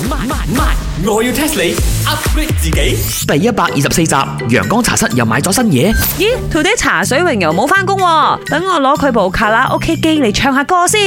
唔係唔係，我要 test 你 upgrade 自己。第一百二十四集，陽光茶室又買咗新嘢。咦，today 茶水榮又冇翻工，等我攞佢部卡拉 OK 機嚟唱下歌先。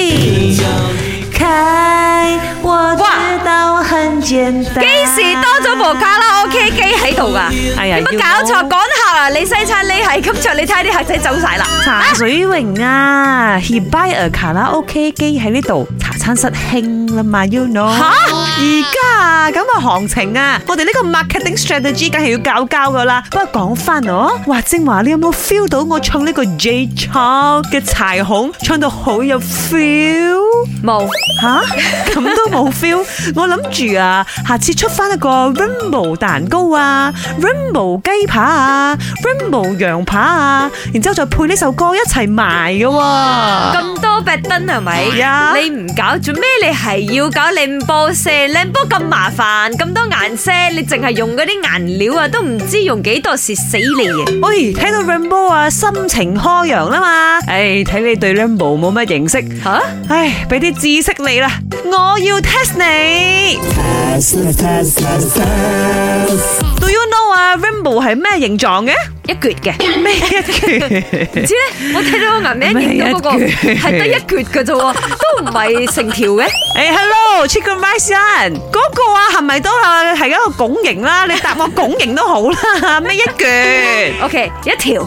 開，我知道很簡單。幾時多咗部卡拉 OK 機喺度啊？係啊，點解搞錯？講下啊，你西餐廳係咁唱，你睇下啲客仔走晒啦。茶水榮啊，he buy a 卡拉 OK 機喺呢度，茶餐室興啦嘛，you know。而家啊，咁嘅行情啊，我哋呢個 marketing strategy 梗係要搞搞噶啦。不過講翻我，華正華，你有冇 feel 到我唱呢個 Jay Chou 嘅彩虹，唱到好有 feel？冇吓有，咁、啊、都冇 feel。我諗住啊，下次出翻一個 rainbow 蛋糕啊，rainbow 雞扒啊，rainbow 羊扒啊，然之後再配呢首歌一齊賣噶。咁多 pattern 係咪呀？你唔搞做咩？你係要搞寧波式？靚波咁麻煩，咁多顏色，你淨係用嗰啲顏料啊，都唔知用幾多蝕死你嘅。喂，睇到 rainbow 啊，心情開揚啊嘛。哎，睇你對 rainbow 冇乜認識，吓，哎，俾啲知識你啦。我要 test 你。Do you know 啊，rainbow 係咩形狀嘅？一橛嘅咩一橛？唔知咧，我睇到我眼名見到嗰個係得一橛嘅啫喎，都唔係成條嘅。誒，Hello，Chicken Rice One，嗰個啊係咪都係係一個拱形啦？你答我拱形都好啦，咩一橛？OK，一條，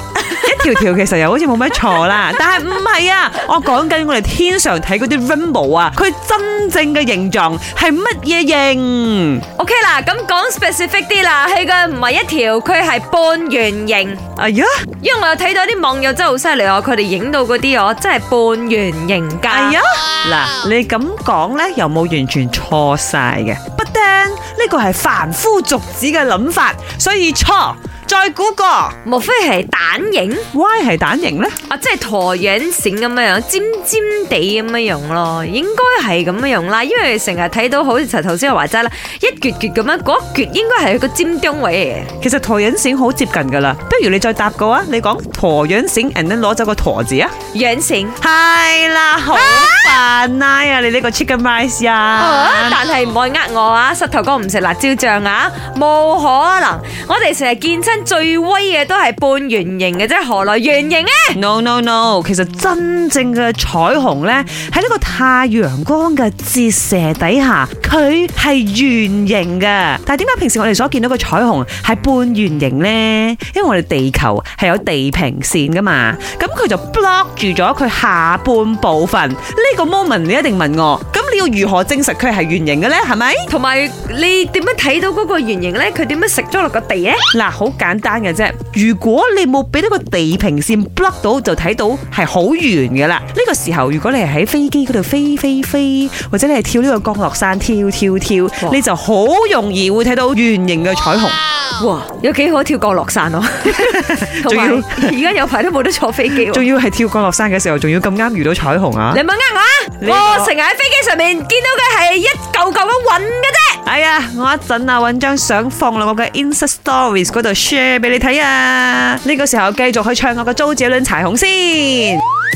一條條其實又好似冇乜錯啦，但係唔係啊！我講緊我哋天上睇嗰啲 rainbow 啊，佢真正嘅形狀係乜嘢形？OK 啦，咁講 specific 啲啦，佢嘅唔係一條，佢係半圓形。哎呀，因為我又睇到啲網友真係好犀利哦，佢哋影到嗰啲哦，我真係半圓形架。哎呀，嗱、哎，你咁講咧，又冇完全錯晒嘅。不丁，呢個係凡夫俗子嘅諗法，所以錯。再估個，莫非係蛋形？Why 係蛋形呢？啊，即係橢圓形咁樣尖尖地咁樣樣咯，應該係咁樣樣啦，因為成日睇到好似頭先我話齋啦，一撅撅咁樣，嗰一撅應該係一個尖中位。其實橢圓形好接近噶啦，不如你再答個啊？你講橢圓形，然後攞走個橢字啊？圓形係啦，好煩啊！你呢個 chicken rice 呀？但係唔好呃我啊！膝頭哥唔食辣椒醬啊！冇可能，我哋成日見親最威嘅都係半圓形嘅啫，何來圓形咧？No no no，其實真正嘅彩虹咧，喺呢個太陽光嘅折射底下，佢係圓形嘅。但係點解平時我哋所見到嘅彩虹係半圓形咧？因為我哋地球係有地平線噶嘛，咁佢就 block。住咗佢下半部分呢個 moment，你一定問我，咁你要如何證實佢係圓形嘅呢？係咪？同埋你點樣睇到嗰個圓形呢？佢點樣食咗落個地呢？嗱，好簡單嘅啫。如果你冇俾到個地平線 block 到，就睇到係好圓嘅啦。呢個時候，如果你係喺飛機嗰度飛飛飛，或者你係跳呢個降落傘跳跳跳，哇你就好容易會睇到圓形嘅彩虹。哇，有幾好跳降落傘咯！仲 有要而家有排都冇得坐飛機，啊，仲要係跳降落傘嘅時候，仲要咁啱遇到彩虹啊！你唔好呃我啊！的我成日喺飛機上面見到嘅係一嚿嚿嘅雲嘅啫。哎呀，我一陣啊，搵張相放落我嘅 Instagram stories 嗰度 share 俾你睇啊！呢、這個時候繼續去唱我嘅周杰倫彩虹先。